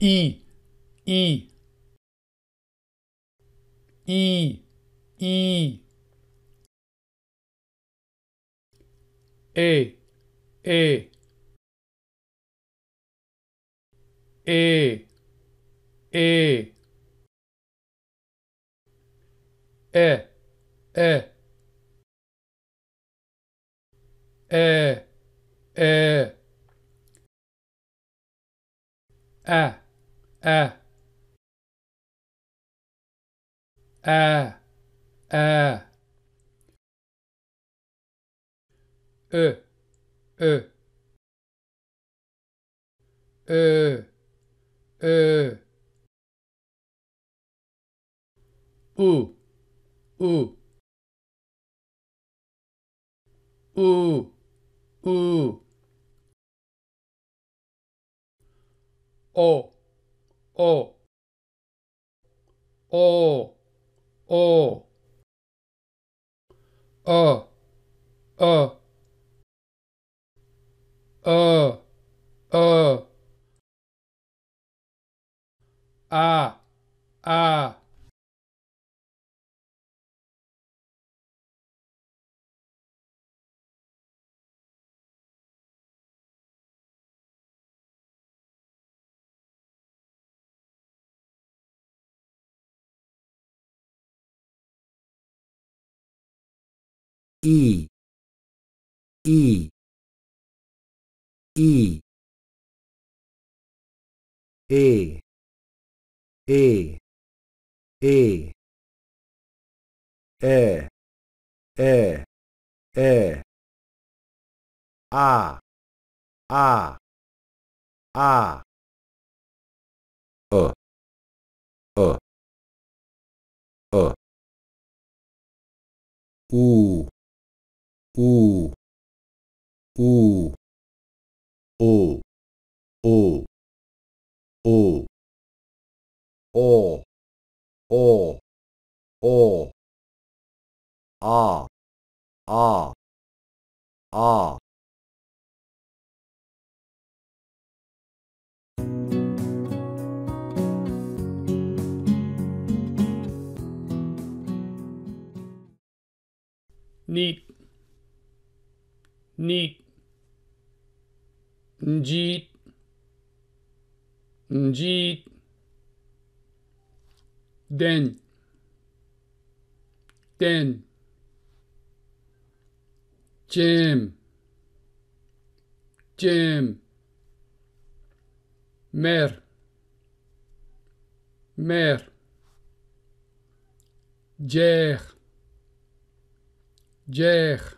i, i, i, i, e, e, e, e, e, e, e, e, a. E. a a a ö ö ö ö u u u u o o o o ö ö ö ö a a E. E. E. e e e A A A é é a a a o u u u o o o o o o a a a Neat. にんじんじでんでんジェムジェムメルメルジェージェー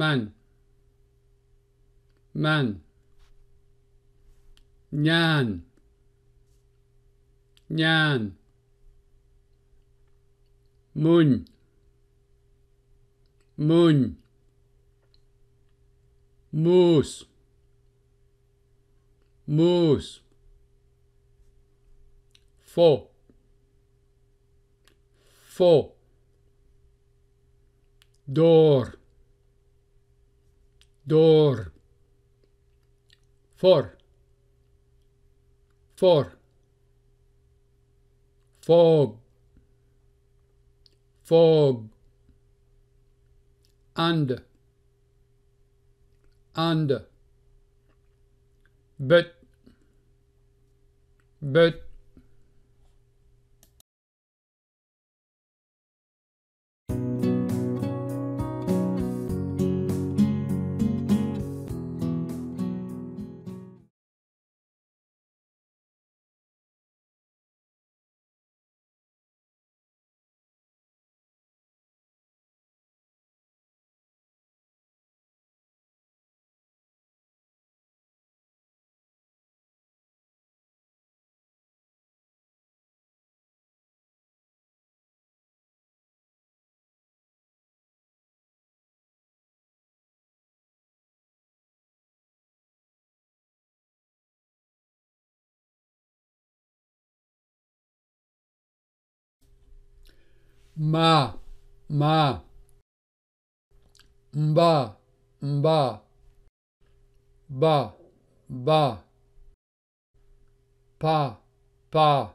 من من نان نان من من موس موس فو فو دور door, voor, voor, voog, voog, and, and, but, maa maa mba, mba, baa ba, pa, pa,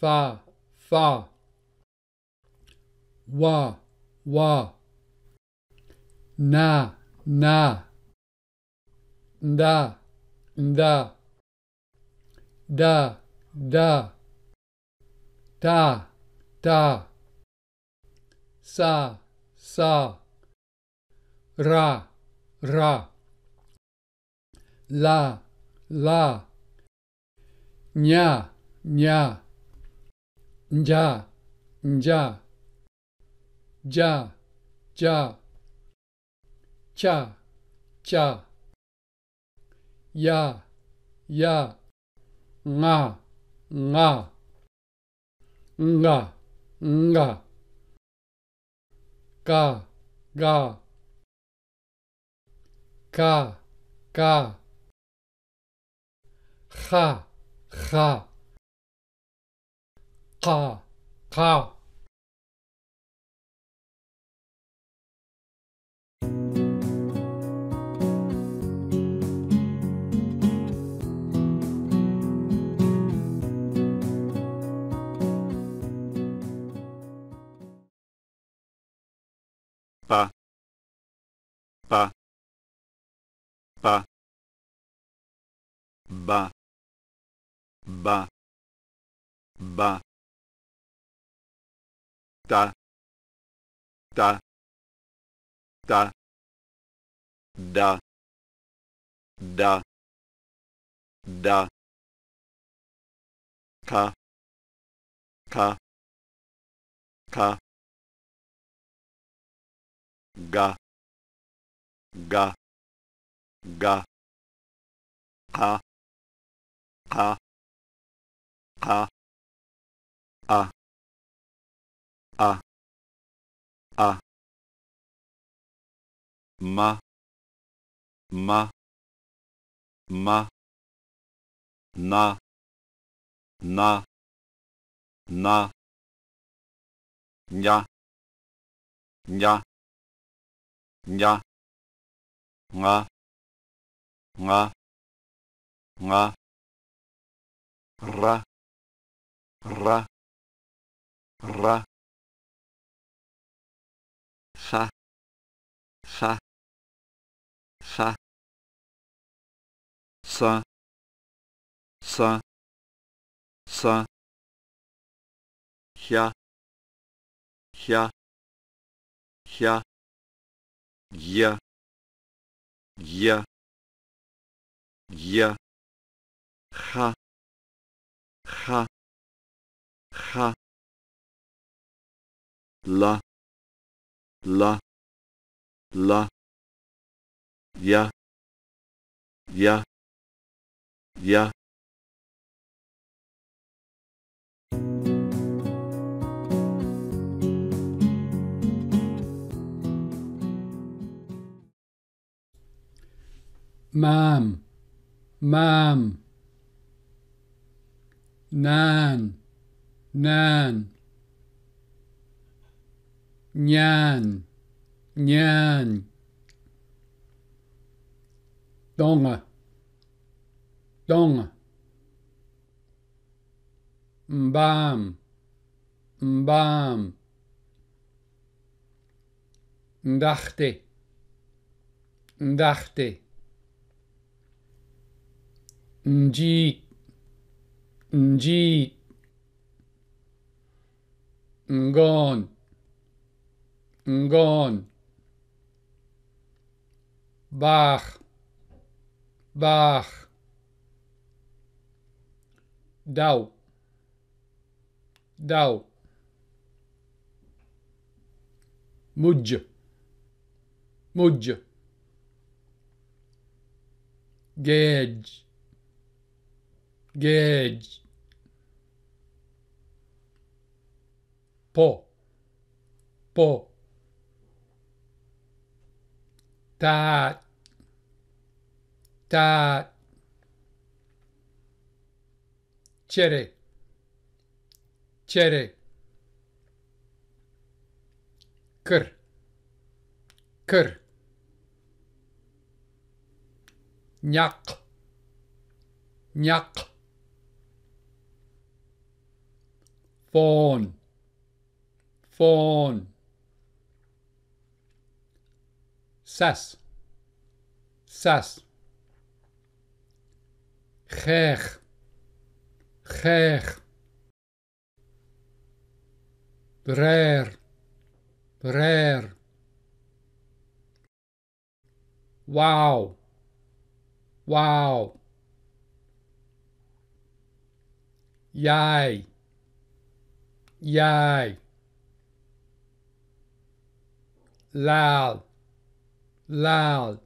fa, fa, wa, wa, na, naa da, da, da, da, da. ta, sa, sa, ra, ra, la, la, ña, ña, ya, ya, ya, ya, cha, cha, ya, ya, nga, nga, nga. nga ga ga ka ka kha kha qa qa ba ba ba ta ta ta da da da ka ka ka ga ga ga ka a a a a a ma ma ma na na na nha nha nha nga nga nga ra ra ra sa sa sa sa sa sa хя хя хя я я я ха ha la la la ya ya ya Mom, mom, nan. نان نان نان دونغ دونغ مبام مبام ndachte ndachte njik njik ngoon ngoon baax baax daw daw mujj mujj géej géej po, po, ta, ta, cere, cere, kır, kır, ñaq, ñaq, foon فون سس سس خیخ خیخ برير برير واو واو ياي ياي loud, loud.